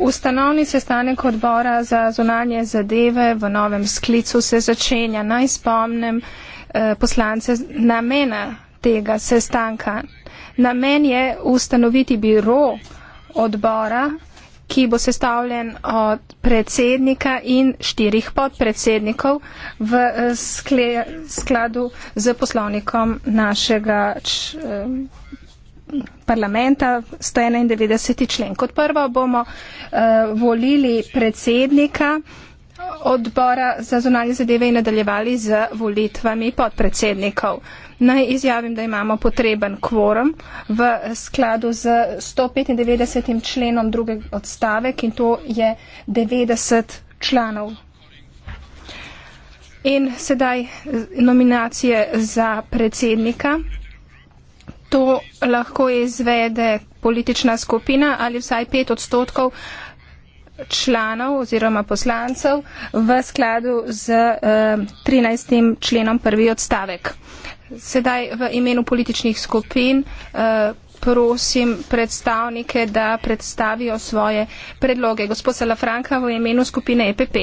Ustanovni sestanek odbora za zunanje zadeve v novem sklicu se začenja. Naj spomnem eh, poslance namena tega sestanka. Namen je ustanoviti biro odbora, ki bo sestavljen od predsednika in štirih podpredsednikov v eh, skle, skladu z poslovnikom našega č, eh, parlamenta 191. člen. Kot prvo bomo uh, volili predsednika odbora za zonalne zadeve in nadaljevali z volitvami podpredsednikov. Naj izjavim, da imamo potreben kvorum v skladu z 195. členom drugega odstavek in to je 90 članov. In sedaj eh, nominacije za predsednika to lahko izvede politična skupina ali vsaj pet odstotkov članov oziroma poslancev v skladu z eh, 13. členom prvi odstavek. Sedaj v imenu političnih skupin eh, prosim predstavnike, da predstavijo svoje predloge. Gospod Salafranka v imenu skupine EPP.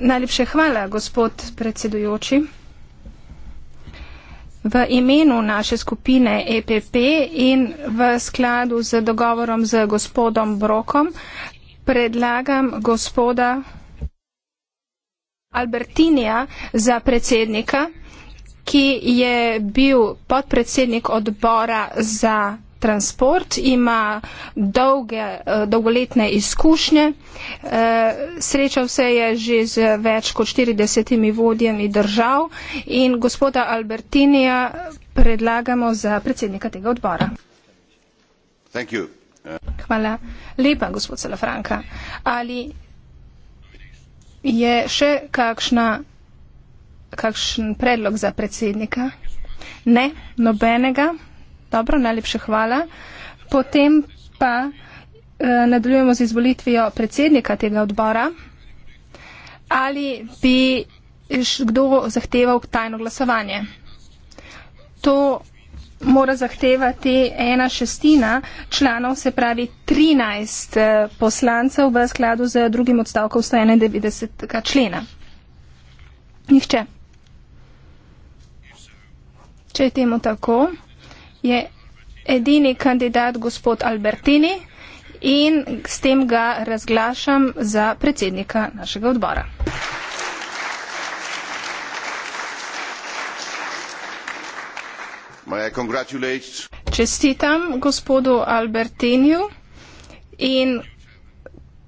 Najlepše hvala, gospod predsedujoči. V imenu naše skupine EPP in v skladu z dogovorom z gospodom Brokom predlagam gospoda Albertinija za predsednika, ki je bil podpredsednik odbora za transport, ima dolge, eh, dolgoletne izkušnje. Eh, srečal se je že z več kot 40 vodjami držav in gospoda Albertinija predlagamo za predsednika tega odbora. Hvala lepa, gospod Salafranka. Ali je še kakšna, kakšen predlog za predsednika? Ne, nobenega. Dobro, najlepša hvala. Potem pa eh, nadaljujemo z izvolitvijo predsednika tega odbora. Ali bi kdo zahteval tajno glasovanje? To mora zahtevati ena šestina članov, se pravi 13 eh, poslancev v skladu z drugim odstavkom 191. člena. Nihče. Če je temu tako je edini kandidat gospod Albertini in s tem ga razglašam za predsednika našega odbora. Čestitam gospodu Albertiniju in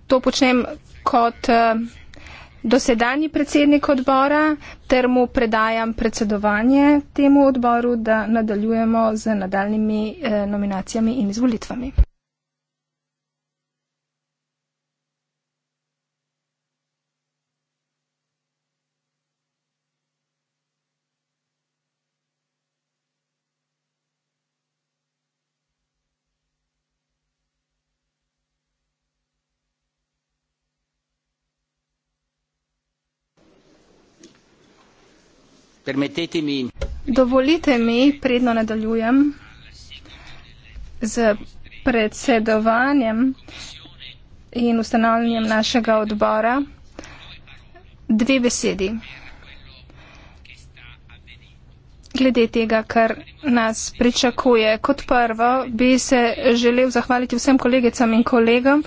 to počnem kot uh, dosedanji predsednik odbora ter mu predajam predsedovanje temu odboru, da nadaljujemo z nadaljnimi eh, nominacijami in izvolitvami. Permettete mi. Dovolite mi, predno nadaljujem z predsedovanjem in ustanavljanjem našega odbora, dve besedi glede tega, kar nas pričakuje. Kot prvo bi se želel zahvaliti vsem kolegicam in kolegom,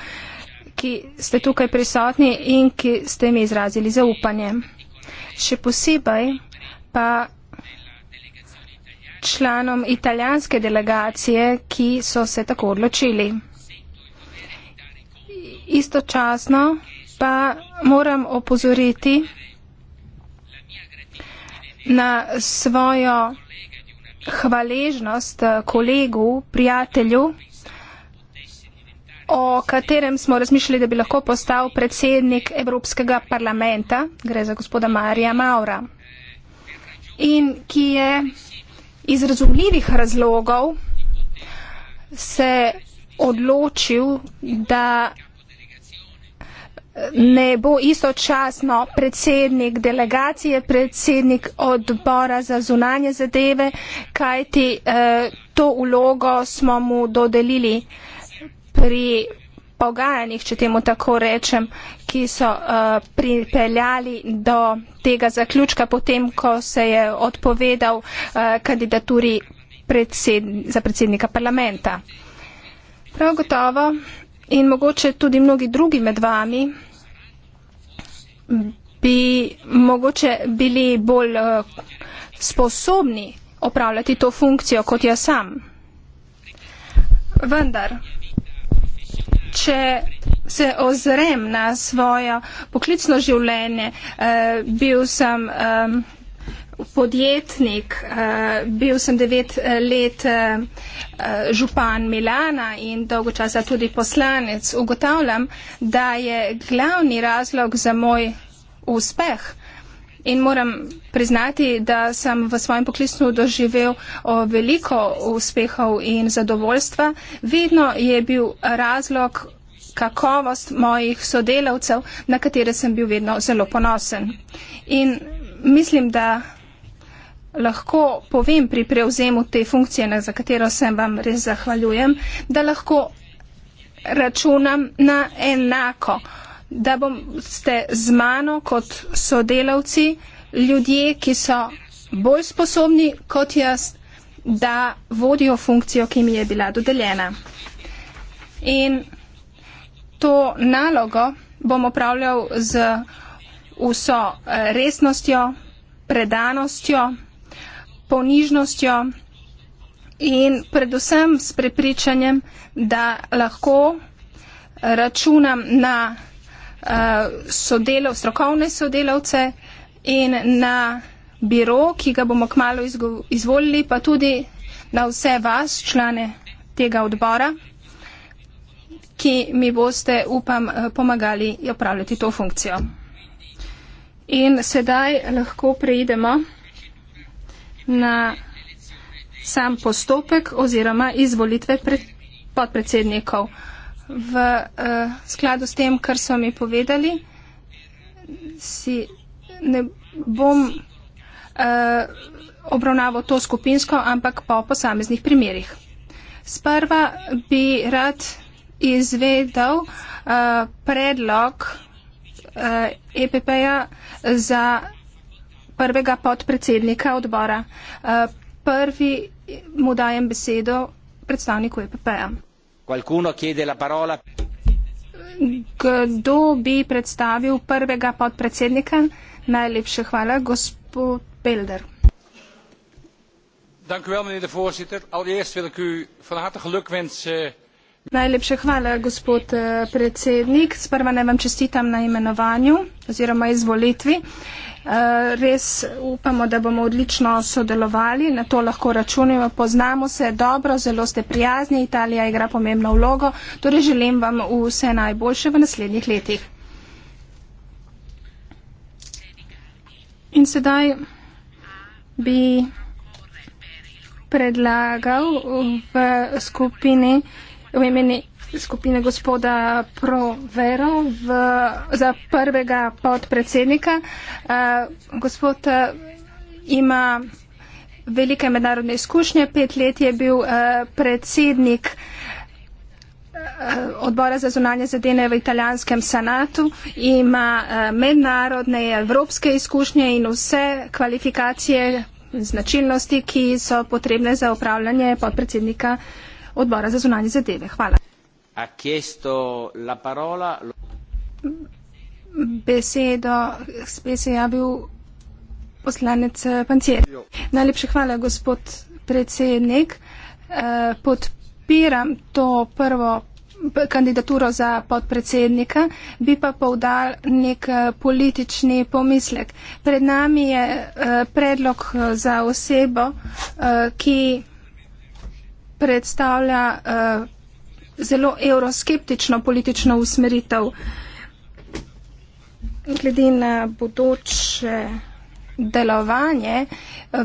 ki ste tukaj prisotni in ki ste mi izrazili zaupanje. Še posebej pa članom italijanske delegacije, ki so se tako odločili. Istočasno pa moram opozoriti na svojo hvaležnost eh, kolegu, prijatelju, o katerem smo razmišljali, da bi lahko postal predsednik Evropskega parlamenta, gre za gospoda Marija Maura in ki je iz razumljivih razlogov se odločil, da ne bo istočasno predsednik delegacije, predsednik odbora za zunanje zadeve, kajti eh, to ulogo smo mu dodelili pri pogajanjih, če temu tako rečem, ki so uh, pripeljali do tega zaključka, potem ko se je odpovedal uh, kandidaturi predsed za predsednika parlamenta. Prav gotovo in mogoče tudi mnogi drugi med vami bi mogoče bili bolj uh, sposobni opravljati to funkcijo kot jaz sam. Vendar če se ozrem na svojo poklicno življenje, eh, bil sem eh, podjetnik, eh, bil sem devet eh, let eh, eh, župan Milana in dolgo časa tudi poslanec, ugotavljam, da je glavni razlog za moj uspeh. In moram priznati, da sem v svojem poklicu doživel veliko uspehov in zadovoljstva. Vedno je bil razlog kakovost mojih sodelavcev, na katere sem bil vedno zelo ponosen. In mislim, da lahko povem pri prevzemu te funkcije, za katero sem vam res zahvaljujem, da lahko računam na enako, da bom ste z mano kot sodelavci ljudje, ki so bolj sposobni kot jaz, da vodijo funkcijo, ki mi je bila dodeljena. In to nalogo bom opravljal z vso eh, resnostjo, predanostjo, ponižnostjo in predvsem s prepričanjem, da lahko računam na eh, sodelov, strokovne sodelavce in na biro, ki ga bomo kmalo izvolili, pa tudi na vse vas, člane tega odbora ki mi boste, upam, eh, pomagali opravljati to funkcijo. In sedaj lahko preidemo na sam postopek oziroma izvolitve podpredsednikov. V uh, skladu s tem, kar so mi povedali, si ne bom uh, obravnaval to skupinsko, ampak po posameznih primerjih. Sprva bi rad izvedel uh, predlog uh, eh, EPP-ja za prvega podpredsednika odbora. Uh, prvi mu dajem besedo predstavniku EPP-ja. Kdo bi predstavil prvega podpredsednika? Najlepše hvala, gospod Pelder. Dank u wel, meneer de voorzitter. Allereerst wil ik u van harte geluk wensen Najlepše hvala, gospod eh, predsednik. Sprva naj vam čestitam na imenovanju oziroma izvolitvi. Eh, res upamo, da bomo odlično sodelovali, na to lahko računimo. Poznamo se dobro, zelo ste prijazni, Italija igra pomembno vlogo. Torej želim vam vse najboljše v naslednjih letih. In sedaj bi predlagal v skupini v imeni skupine gospoda Provero v, za prvega podpredsednika. Uh, gospod uh, ima velike mednarodne izkušnje, pet let je bil uh, predsednik odbora za zunanje zadeve v italijanskem senatu, ima mednarodne evropske izkušnje in vse kvalifikacije, značilnosti, ki so potrebne za upravljanje podpredsednika uh, odbora za zunanje zadeve. Hvala. Besedo se je javil poslanec eh, Pancir. Najlepša hvala, gospod predsednik. Eh, podpiram to prvo kandidaturo za podpredsednika, bi pa povdal nek eh, politični pomislek. Pred nami je predlog za osebo, ki predstavlja uh, zelo euroskeptično politično usmeritev. Glede na bodoče delovanje eh,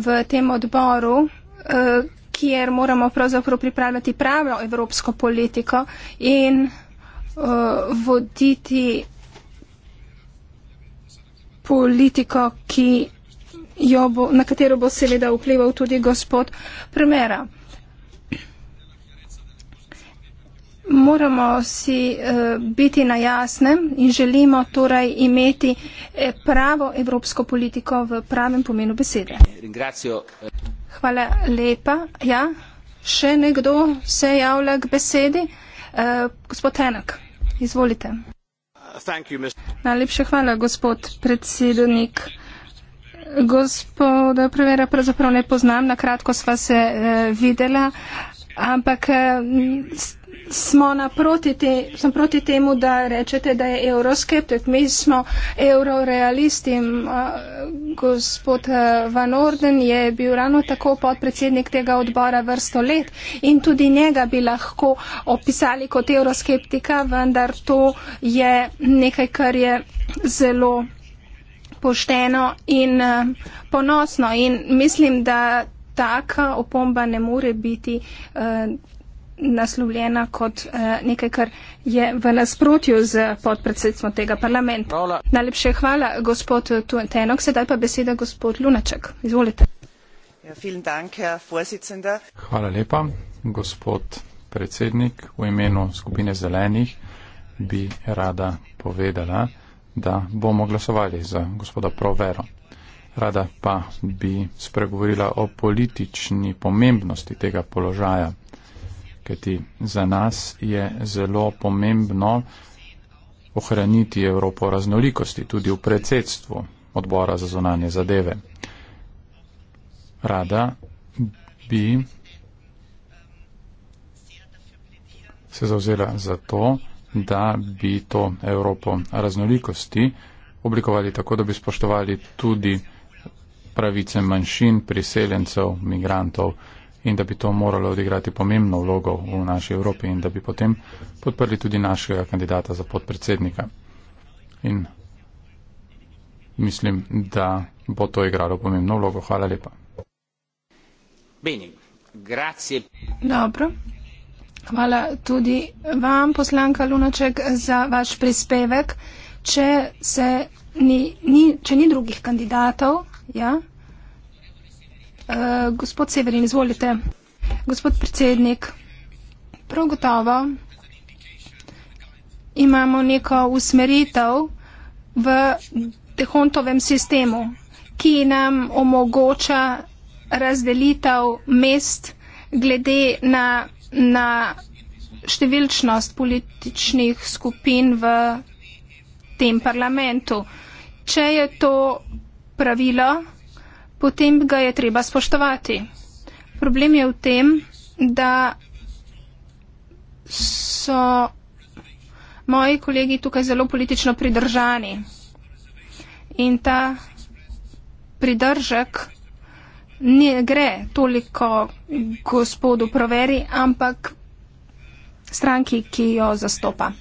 v tem odboru, eh, kjer moramo pravzaprav pripravljati pravno evropsko politiko in voditi politiko, bo, na katero bo seveda vplival tudi gospod Primera. Moramo si uh, biti na jasnem in želimo torej imeti eh, pravo evropsko politiko v pravem pomenu besede. Eh, hvala lepa. Ja, še nekdo se javlja k besedi? Uh, gospod Enak, izvolite. You, Najlepša hvala, gospod predsednik. Gospoda Prevera pravzaprav ne poznam, na kratko sva se uh, videla, ampak uh, smo naproti te, smo proti temu, da rečete, da je euroskeptik. Mi smo eurorealisti. Gospod Van Orden je bil ravno tako podpredsednik tega odbora vrsto let in tudi njega bi lahko opisali kot euroskeptika, vendar to je nekaj, kar je zelo pošteno in ponosno. In mislim, da taka opomba ne more biti. Uh, naslovljena kot uh, nekaj, kar je v nasprotju z podpredsedstvom tega parlamenta. Hvala. Najlepše hvala, gospod Tuentenok. Sedaj pa beseda gospod Lunaček. Izvolite. Ja, dank, ja, hvala lepa, gospod predsednik. V imenu skupine zelenih bi rada povedala, da bomo glasovali za gospoda Provero. Rada pa bi spregovorila o politični pomembnosti tega položaja kajti za nas je zelo pomembno ohraniti Evropo raznolikosti tudi v predsedstvu odbora za zonanje zadeve. Rada bi se zauzela za to, da bi to Evropo raznolikosti oblikovali tako, da bi spoštovali tudi pravice manjšin, priseljencev, migrantov in da bi to moralo odigrati pomembno vlogo v naši Evropi in da bi potem podprli tudi našega kandidata za podpredsednika. In mislim, da bo to igralo pomembno vlogo. Hvala lepa. Dobro. Hvala tudi vam, poslanka Lunaček, za vaš prispevek. Če, ni, ni, če ni drugih kandidatov, ja, Uh, gospod Severin, izvolite. Gospod predsednik, prav gotovo imamo neko usmeritev v dehontovem sistemu, ki nam omogoča razdelitev mest glede na, na številčnost političnih skupin v tem parlamentu. Če je to pravilo, potem ga je treba spoštovati. Problem je v tem, da so moji kolegi tukaj zelo politično pridržani in ta pridržek ne gre toliko gospodu proveri, ampak stranki, ki jo zastopa.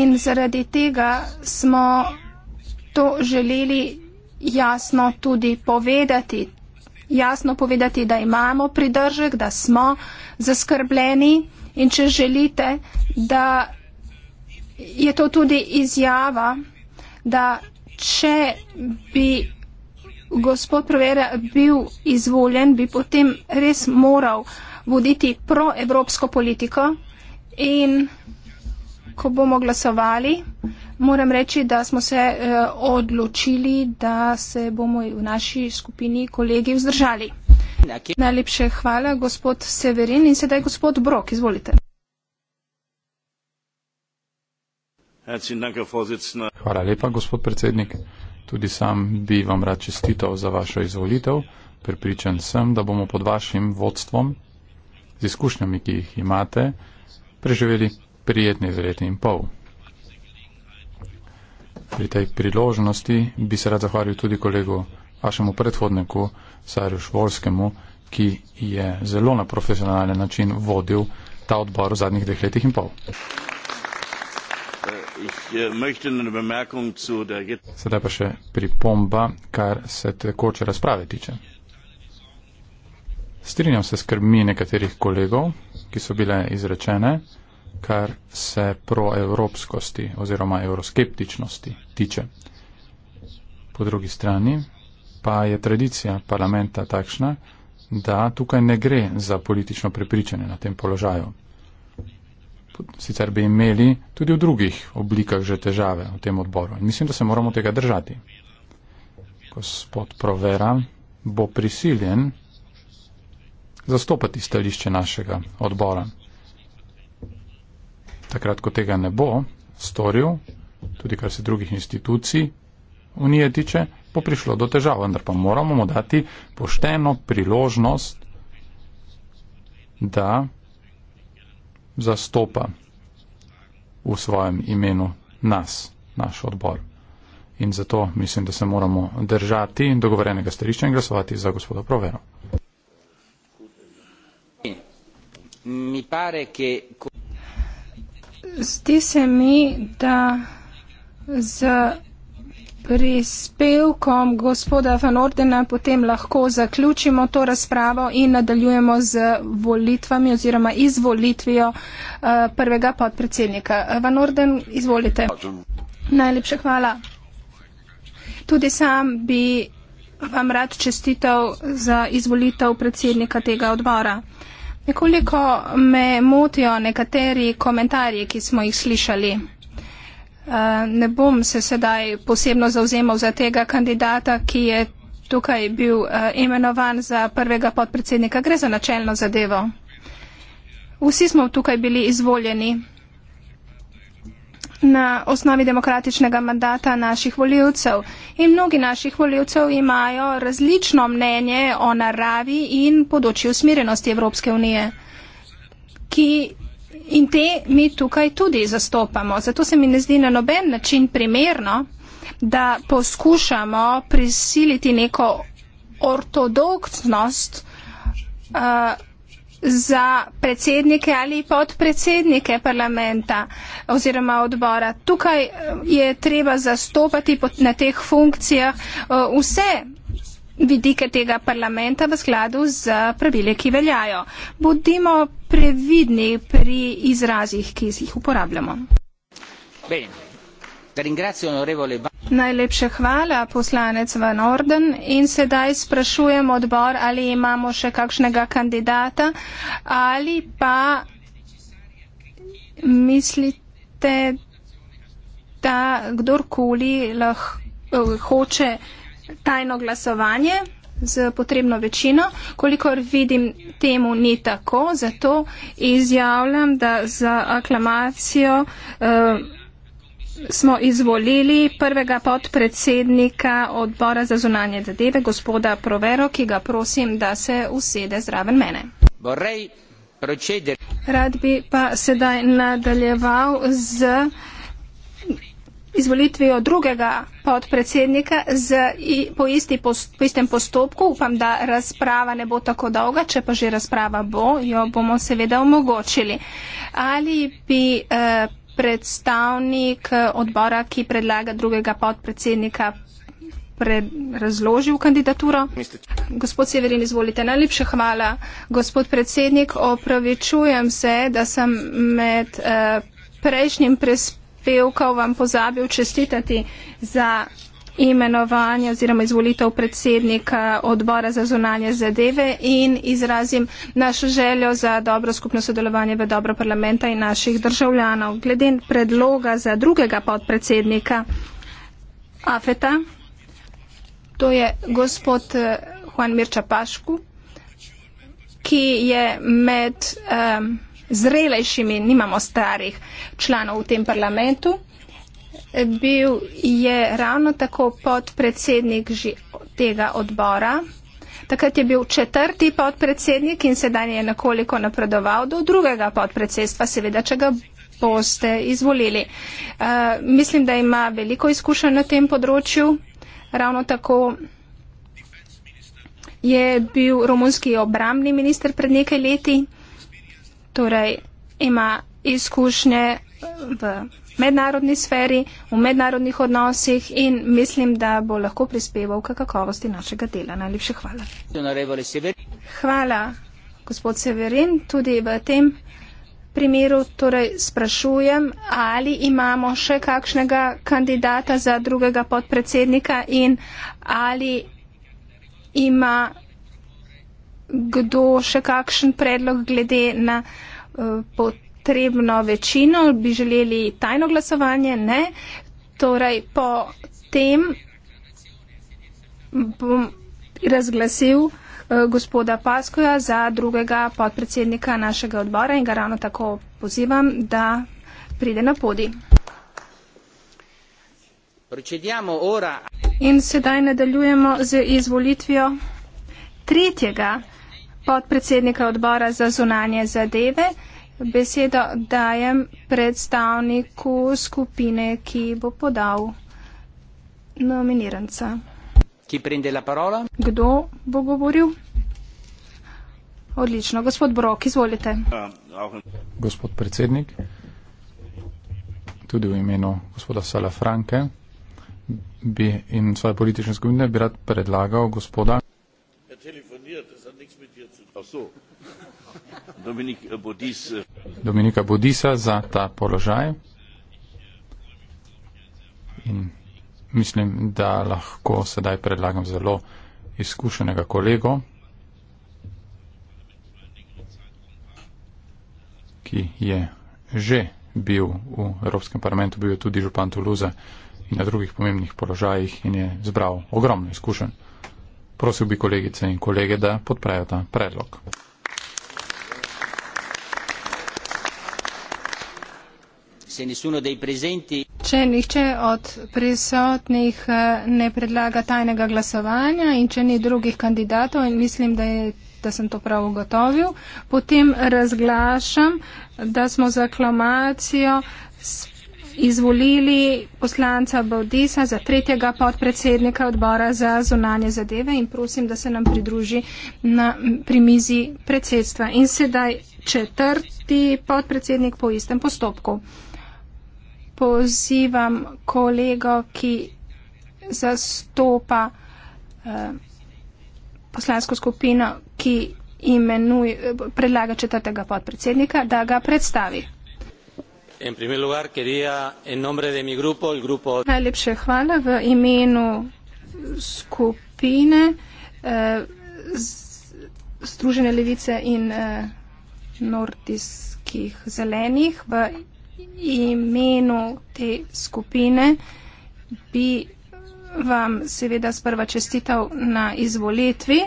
In zaradi tega smo to želeli jasno tudi povedati. Jasno povedati, da imamo pridržek, da smo zaskrbljeni in če želite, da je to tudi izjava, da če bi gospod Provera bil izvoljen, bi potem res moral voditi proevropsko politiko in ko bomo glasovali, Moram reči, da smo se uh, odločili, da se bomo v naši skupini kolegi vzdržali. Okay. Najlepše hvala, gospod Severin in sedaj gospod Brok, izvolite. Hvala lepa, gospod predsednik. Tudi sam bi vam rad čestital za vašo izvolitev. Pripričan sem, da bomo pod vašim vodstvom, z izkušnjami, ki jih imate, preživeli prijetni z leti in pol. Pri tej priložnosti bi se rad zahvalil tudi kolegu vašemu predhodniku, Sarju Švolskemu, ki je zelo na profesionalen način vodil ta odbor v zadnjih dveh letih in pol. Sedaj pa še pripomba, kar se tekoče razprave tiče. Strinjam se s krmi nekaterih kolegov, ki so bile izrečene kar se proevropskosti oziroma euroskeptičnosti tiče. Po drugi strani pa je tradicija parlamenta takšna, da tukaj ne gre za politično prepričanje na tem položaju. Sicer bi imeli tudi v drugih oblikah že težave v tem odboru. In mislim, da se moramo tega držati. Gospod Provera bo prisiljen zastopati stališče našega odbora takrat, ko tega ne bo storil, tudi kar se drugih institucij unije tiče, bo prišlo do težav. Vendar pa moramo mu dati pošteno priložnost, da zastopa v svojem imenu nas, naš odbor. In zato mislim, da se moramo držati in dogovorenega stališča in glasovati za gospoda Provero. Mi pare che zdi se mi, da z prispevkom gospoda Van Ordena potem lahko zaključimo to razpravo in nadaljujemo z volitvami oziroma izvolitvijo eh, prvega podpredsednika. Van Orden, izvolite. Najlepša hvala. Tudi sam bi vam rad čestitev za izvolitev predsednika tega odbora. Nekoliko me motijo nekateri komentarji, ki smo jih slišali. Eh, ne bom se sedaj posebno zauzemal za tega kandidata, ki je tukaj bil eh, imenovan za prvega podpredsednika. Gre za načelno zadevo. Vsi smo tukaj bili izvoljeni na osnovi demokratičnega mandata naših voljivcev. In mnogi naših voljivcev imajo različno mnenje o naravi in področju usmirjenosti Evropske unije. Ki in te mi tukaj tudi zastopamo. Zato se mi ne zdi na noben način primerno, da poskušamo prisiliti neko ortodoksnost uh, za predsednike ali podpredsednike parlamenta oziroma odbora. Tukaj eh, je treba zastopati na teh funkcijah eh, vse vidike tega parlamenta v skladu z pravili, ki veljajo. Bodimo previdni pri izrazih, ki jih uporabljamo. Bene. Najlepše hvala, poslanec Van Orden. In sedaj sprašujem odbor, ali imamo še kakšnega kandidata ali pa mislite, da kdorkoli eh, hoče tajno glasovanje z potrebno večino. Kolikor vidim, temu ni tako, zato izjavljam, da za aklamacijo. Uh, smo izvolili prvega podpredsednika odbora za zunanje zadeve, gospoda Provero, ki ga prosim, da se usede zraven mene. Rad bi pa sedaj nadaljeval z izvolitvijo drugega podpredsednika z, i, po, isti post, po istem postopku. Upam, da razprava ne bo tako dolga, če pa že razprava bo, jo bomo seveda omogočili. Ali bi eh, predstavnik eh, odbora, ki predlaga drugega podpredsednika, pred, razložil kandidaturo? Gospod Severin, izvolite. Najlepša hvala. Gospod predsednik, opravičujem se, da sem med eh, prejšnjim prispevkom vam pozabil čestitati za imenovanje oziroma izvolitev predsednika odbora za zunanje zadeve in izrazim našo željo za dobro skupno sodelovanje v dobro parlamenta in naših državljanov. Glede predloga za drugega podpredsednika Afeta, to je gospod eh, Juan Mirča Pašku, ki je med um, zrelejšimi, nimamo starih članov v tem parlamentu bil je ravno tako podpredsednik že tega odbora. Takrat je bil četrti podpredsednik in sedaj je nekoliko napredoval do drugega podpredsedstva, seveda, če ga boste izvolili. Uh, mislim, da ima veliko izkušenj na tem področju. Ravno tako je bil romunski obramni minister pred nekaj leti, torej ima izkušnje v mednarodni sferi, v mednarodnih odnosih in mislim, da bo lahko prispeval k kakovosti našega dela. Najlepše hvala. Hvala, gospod Severin. Tudi v tem primeru torej sprašujem, ali imamo še kakšnega kandidata za drugega podpredsednika in ali ima kdo še kakšen predlog glede na uh, eh, pot potrebno večino, bi želeli tajno glasovanje, ne. Torej, po tem bom razglasil eh, gospoda Paskoja za drugega podpredsednika našega odbora in ga ravno tako pozivam, da pride na podi. In sedaj nadaljujemo z izvolitvijo tretjega podpredsednika odbora za zunanje zadeve. Beseda dajem predstavniku skupine, ki bo podal nominiranca. Kdo bo govoril? Odlično. Gospod Brok, izvolite. Gospod predsednik, tudi v imenu gospoda Sala Franke bi in svoje politične skupine bi rad predlagal gospoda. Ja, Eh. Dominika Bodisa za ta položaj. In mislim, da lahko sedaj predlagam zelo izkušenega kolego, ki je že bil v Evropskem parlamentu, bil je tudi župan Toulouse in na drugih pomembnih položajih in je zbral ogromno izkušenj. Prosil bi kolegice in kolege, da podprejo ta predlog. se nessuno dei presenti. Če nihče od prisotnih eh, ne predlaga tajnega glasovanja in če ni drugih kandidatov, in mislim, da, je, da sem to prav ugotovil, potem razglašam, da smo za aklamacijo izvolili poslanca Baudisa za tretjega podpredsednika odbora za zunanje zadeve in prosim, da se nam pridruži na, pri mizi predsedstva. In sedaj četrti podpredsednik po istem postopku pozivam kolego, ki zastopa eh, poslansko skupino, ki imenuje, predlaga četrtega podpredsednika, da ga predstavi. Najlepše hvala v imenu skupine eh, Združene levice in eh, nordijskih zelenih v imenu te skupine bi vam seveda sprva čestital na izvolitvi.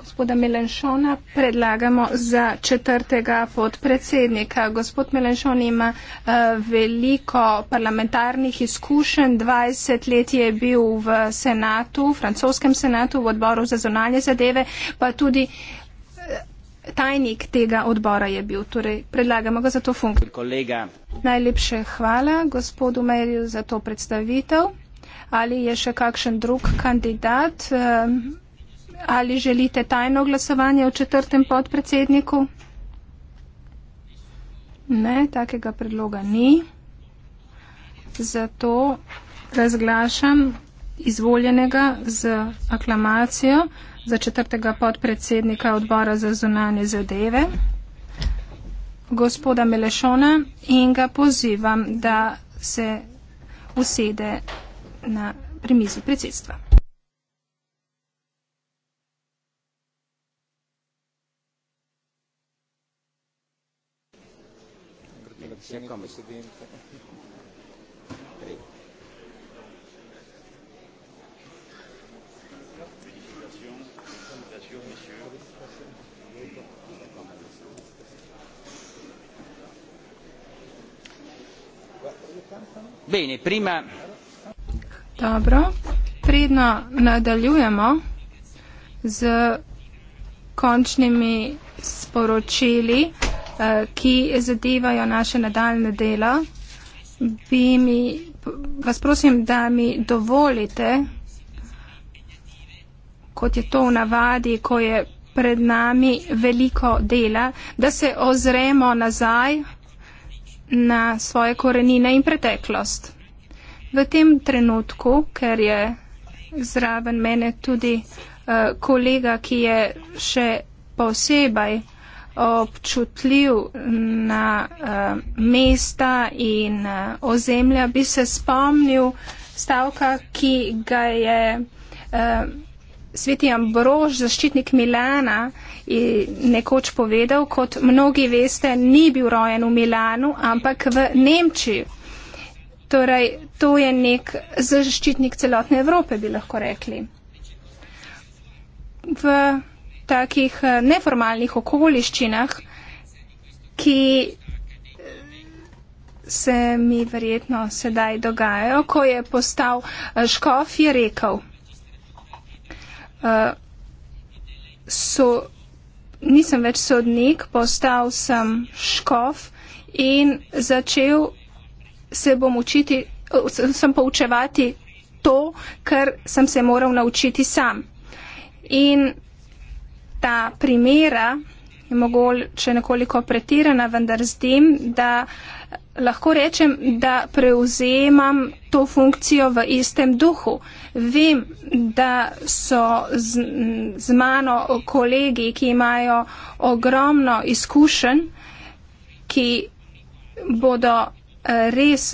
Gospoda Melenšona predlagamo za četrtega podpredsednika. Gospod Melenšon ima uh, veliko parlamentarnih izkušenj. 20 let je bil v senatu, francoskem senatu, v odboru za zonalje zadeve, pa tudi uh, tajnik tega odbora je bil, torej predlagamo ga za to funkcijo. Najlepše hvala gospodu Merju za to predstavitev. Ali je še kakšen drug kandidat? Ehm, ali želite tajno glasovanje o četrtem podpredsedniku? Ne, takega predloga ni. Zato razglašam izvoljenega z aklamacijo za četrtega podpredsednika odbora za zunanje zadeve, gospoda Melešona, in ga pozivam, da se usede na premizi predsedstva. Grazie, come? Bene, prima... Dobro, predno nadaljujemo z končnimi sporočili, eh, ki zadevajo naše nadaljne delo. Bi mi, vas prosim, da mi dovolite, kot je to v navadi, ko je pred nami veliko dela, da se ozremo nazaj na svoje korenine in preteklost. V tem trenutku, ker je zraven mene tudi uh, kolega, ki je še posebej občutljiv na uh, mesta in uh, ozemlja, bi se spomnil stavka, ki ga je uh, Sveti Ambrož, zaščitnik Milana, je nekoč povedal, kot mnogi veste, ni bil rojen v Milanu, ampak v Nemčiji. Torej, to je nek zaščitnik celotne Evrope, bi lahko rekli. V takih eh, neformalnih okoliščinah, ki se mi verjetno sedaj dogajajo, ko je postal eh, škof, je rekel, uh, so, nisem več sodnik, postal sem škof in začel se bom učiti, eh, sem poučevati to, kar sem se moral naučiti sam. In ta primera, je mogoče nekoliko pretirana, vendar z tem, da lahko rečem, da prevzemam to funkcijo v istem duhu. Vem, da so z, z mano kolegi, ki imajo ogromno izkušenj, ki bodo eh, res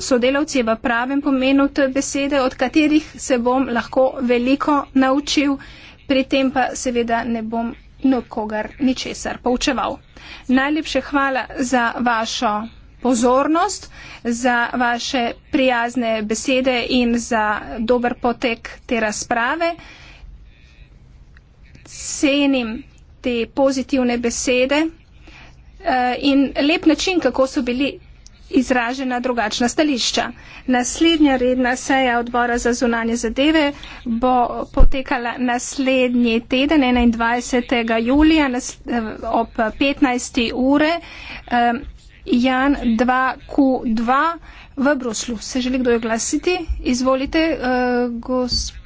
sodelavci v pravem pomenu te besede, od katerih se bom lahko veliko naučil pri tem pa seveda ne bom nikogar ničesar poučeval. Najlepše hvala za vašo pozornost, za vaše prijazne besede in za dober potek te razprave. Cenim te pozitivne besede eh, in lep način, kako so bili izražena drugačna stališča. Naslednja redna seja odbora za zunanje zadeve bo potekala naslednji teden, 21. julija eh, ob 15. ure, eh, Jan 2Q2 v Bruslu. Se želi kdo oglasiti? Izvolite, eh, gospod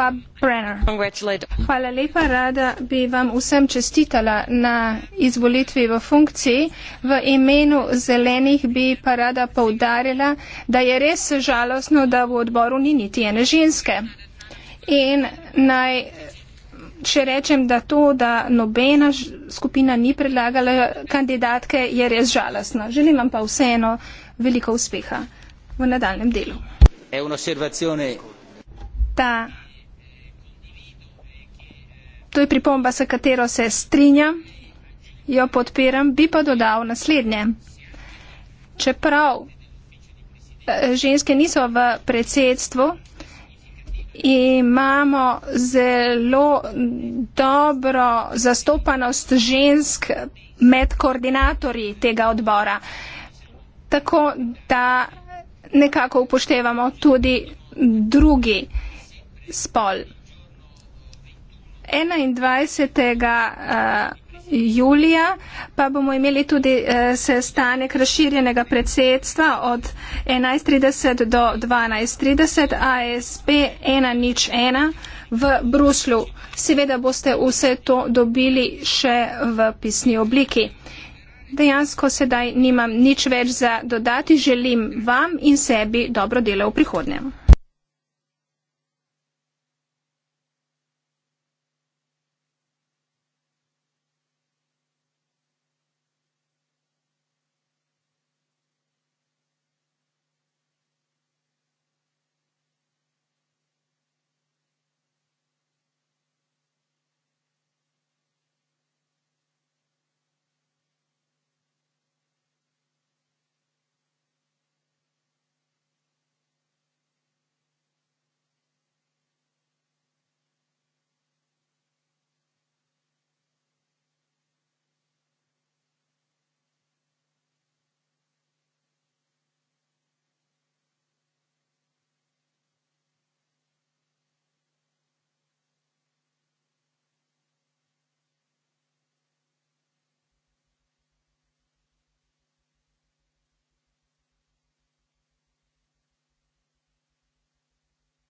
gospa Brenner. Hvala lepa, rada bi vam vsem čestitala na izvolitvi v funkciji. V imenu zelenih bi pa rada povdarjala, da je res žalostno, da v odboru ni niti ene ženske. In naj še rečem, da to, da nobena skupina ni predlagala kandidatke, je res žalostno. Želim vam pa vseeno veliko uspeha v nadaljem delu. È un'osservazione. Ta To je pripomba, s katero se strinjam, jo podpiram, bi pa dodal naslednje. Čeprav eh, ženske niso v predsedstvu, imamo zelo dobro zastopanost žensk med koordinatorji tega odbora. Tako da nekako upoštevamo tudi drugi spol. 21. Eh, julija pa bomo imeli tudi eh, sestanek razširjenega predsedstva od 11.30 do 12.30 ASP 101 v Bruslju. Seveda boste vse to dobili še v pisni obliki. Dejansko sedaj nimam nič več za dodati, želim vam in sebi dobro delo v prihodnjem.